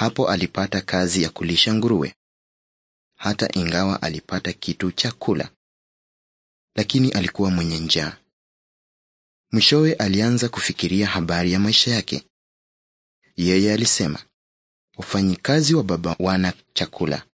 Hapo alipata kazi ya kulisha nguruwe, hata ingawa alipata kitu cha kula, lakini alikuwa mwenye njaa. Mwishowe alianza kufikiria habari ya maisha yake. Yeye alisema, wafanyikazi wa baba wana chakula,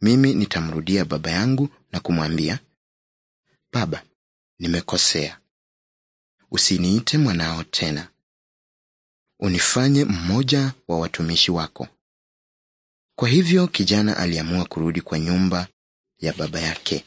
mimi nitamrudia baba yangu na kumwambia, Baba, nimekosea, usiniite mwanao tena unifanye mmoja wa watumishi wako. Kwa hivyo kijana aliamua kurudi kwa nyumba ya baba yake.